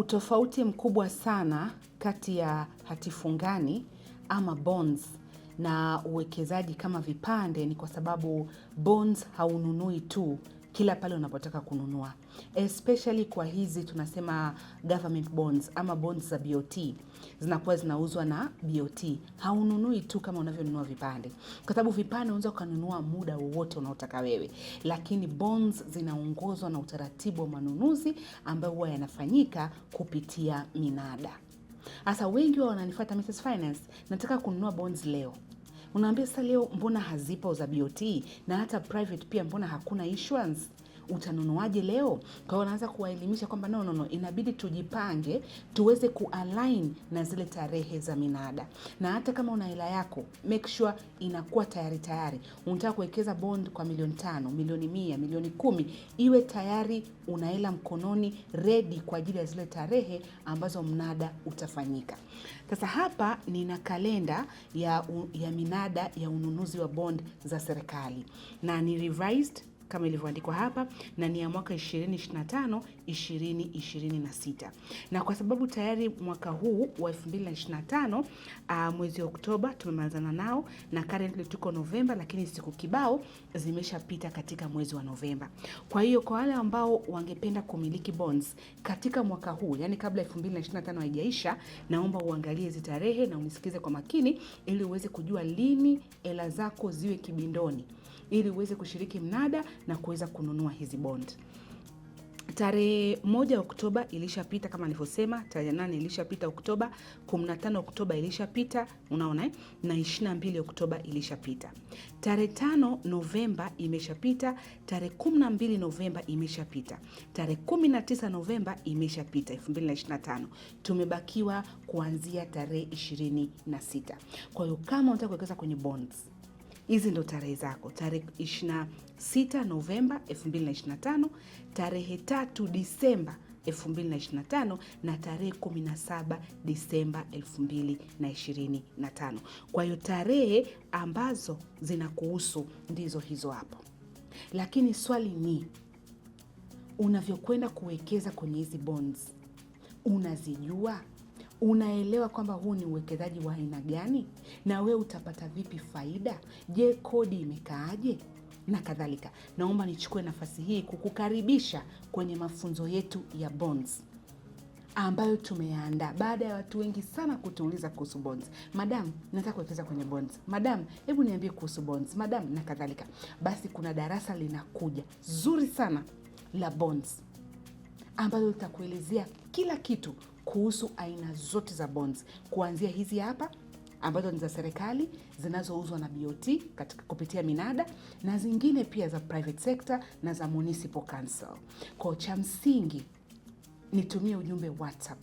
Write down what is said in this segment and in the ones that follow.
utofauti mkubwa sana kati ya hatifungani ama bonds na uwekezaji kama vipande ni kwa sababu bonds haununui tu kila pale unapotaka kununua, especially kwa hizi tunasema government bonds ama bonds za BOT zinakuwa zinauzwa na BOT. Haununui tu kama unavyonunua vipande, kwa sababu vipande unaweza ukanunua muda wowote unaotaka wewe, lakini bonds zinaongozwa na utaratibu wa manunuzi ambayo huwa yanafanyika kupitia minada. hasa wengi wao wananifuata Mrs Finance, nataka kununua bonds leo unaambia sasa leo mbona hazipo za BOT na hata private pia, mbona hakuna insurance? utanunuaje leo? Kwa hiyo naanza kuwaelimisha kwamba no, no, no, inabidi tujipange tuweze kualign na zile tarehe za minada, na hata kama una hela yako make sure inakuwa tayari tayari. Unataka kuwekeza bond kwa milioni tano, milioni mia, milioni kumi, iwe tayari una hela mkononi ready kwa ajili ya zile tarehe ambazo mnada utafanyika. Sasa hapa nina kalenda ya, ya minada ya ununuzi wa bond za serikali na ni revised kama ilivyoandikwa hapa na ni ya mwaka 2025 2026, na kwa sababu tayari mwaka huu wa 2025 uh, ah, mwezi wa Oktoba tumemalizana nao na currently tuko Novemba, lakini siku kibao zimeshapita katika mwezi wa Novemba. Kwa hiyo kwa wale ambao wangependa kumiliki bonds katika mwaka huu, yani kabla 2025 haijaisha, naomba uangalie hizi tarehe na unisikize kwa makini, ili uweze kujua lini hela zako ziwe kibindoni, ili uweze kushiriki mnada na kuweza kununua hizi bond. Tarehe moja Oktoba ilishapita kama nilivyosema, tarehe nane ilishapita Oktoba, kumi na tano Oktoba ilishapita, unaona eh? na 22 na mbili Oktoba ilishapita. Tarehe tano Novemba imeshapita, tarehe kumi na mbili Novemba imeshapita, tarehe kumi na tisa Novemba imeshapita elfu mbili na na tano. Tumebakiwa kuanzia tarehe ishirini na sita. Kwa hiyo kama unataka kuwekeza kwenye bonds hizi ndo tarehe zako, tarehe 26 Novemba 2025, tarehe 3 Disemba 2025 na tarehe 17 Disemba 2025. Kwa hiyo tarehe ambazo zinakuhusu ndizo hizo hapo, lakini swali ni unavyokwenda kuwekeza kwenye hizi bonds unazijua? unaelewa kwamba huu ni uwekezaji wa aina gani, na wewe utapata vipi faida? Je, kodi imekaaje? na kadhalika. Naomba nichukue nafasi hii kukukaribisha kwenye mafunzo yetu ya bonds ambayo tumeandaa baada ya watu wengi sana kutuuliza kuhusu bonds. Madam, nataka kuwekeza kwenye bonds. Madam, hebu niambie kuhusu bonds. Madam, na kadhalika. Basi kuna darasa linakuja zuri sana la bonds ambalo litakuelezea kila kitu kuhusu aina zote za bonds kuanzia hizi hapa ambazo ni za serikali zinazouzwa na BOT katika kupitia minada na zingine pia za private sector na za municipal council. Kwa cha msingi nitumie ujumbe WhatsApp,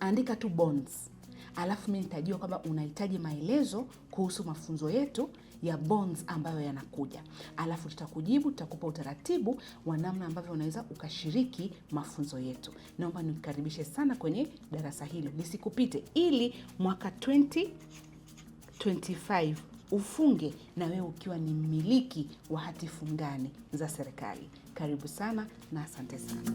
andika tu bonds alafu mimi nitajua kwamba unahitaji maelezo kuhusu mafunzo yetu ya bonds ambayo yanakuja, alafu tutakujibu, tutakupa utaratibu wa namna ambavyo unaweza ukashiriki mafunzo yetu. Naomba nikukaribishe sana kwenye darasa hilo, lisikupite, ili mwaka 2025 ufunge na wewe ukiwa ni mmiliki wa hati fungani za serikali. Karibu sana na asante sana.